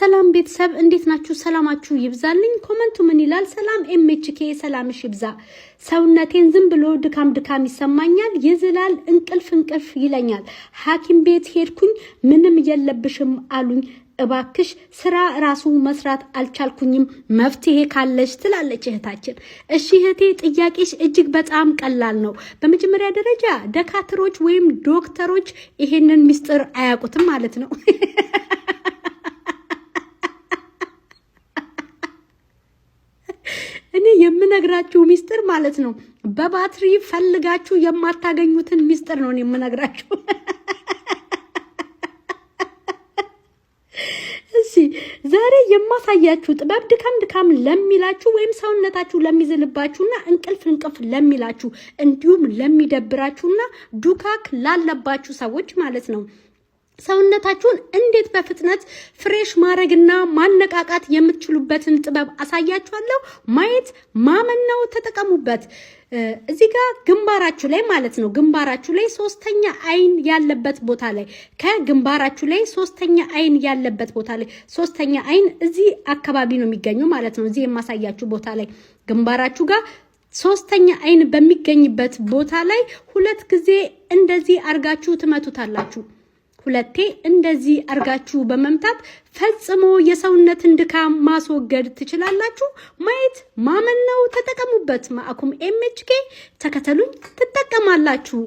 ሰላም ቤተሰብ እንዴት ናችሁ? ሰላማችሁ ይብዛልኝ። ኮመንቱ ምን ይላል? ሰላም ኤምኤችኬ ሰላምሽ ይብዛ። ሰውነቴን ዝም ብሎ ድካም ድካም ይሰማኛል፣ ይዝላል፣ እንቅልፍ እንቅልፍ ይለኛል። ሐኪም ቤት ሄድኩኝ፣ ምንም የለብሽም አሉኝ። እባክሽ ስራ ራሱ መስራት አልቻልኩኝም፣ መፍትሄ ካለሽ ትላለች እህታችን። እሺ እህቴ፣ ጥያቄሽ እጅግ በጣም ቀላል ነው። በመጀመሪያ ደረጃ ደካትሮች ወይም ዶክተሮች ይሄንን ምስጢር አያውቁትም ማለት ነው። የምነግራችሁ ሚስጥር ማለት ነው። በባትሪ ፈልጋችሁ የማታገኙትን ሚስጥር ነው የምነግራችሁ። ዛሬ የማሳያችሁ ጥበብ ድካም ድካም ለሚላችሁ ወይም ሰውነታችሁ ለሚዝልባችሁና እንቅልፍ እንቅልፍ ለሚላችሁ እንዲሁም ለሚደብራችሁና ዱካክ ላለባችሁ ሰዎች ማለት ነው ሰውነታችሁን እንዴት በፍጥነት ፍሬሽ ማድረግና ማነቃቃት የምትችሉበትን ጥበብ አሳያችኋለሁ። ማየት ማመን ነው፣ ተጠቀሙበት። እዚህ ጋር ግንባራችሁ ላይ ማለት ነው። ግንባራችሁ ላይ ሶስተኛ አይን ያለበት ቦታ ላይ ከግንባራችሁ ላይ ሶስተኛ አይን ያለበት ቦታ ላይ ሶስተኛ አይን እዚህ አካባቢ ነው የሚገኘው ማለት ነው። እዚህ የማሳያችሁ ቦታ ላይ ግንባራችሁ ጋር ሶስተኛ አይን በሚገኝበት ቦታ ላይ ሁለት ጊዜ እንደዚህ አርጋችሁ ትመቱታላችሁ። ሁለቴ እንደዚህ አርጋችሁ በመምታት ፈጽሞ የሰውነትን ድካም ማስወገድ ትችላላችሁ። ማየት ማመን ነው። ተጠቀሙበት። ማዕኩም ኤምኤችኬ ተከተሉኝ፣ ትጠቀማላችሁ።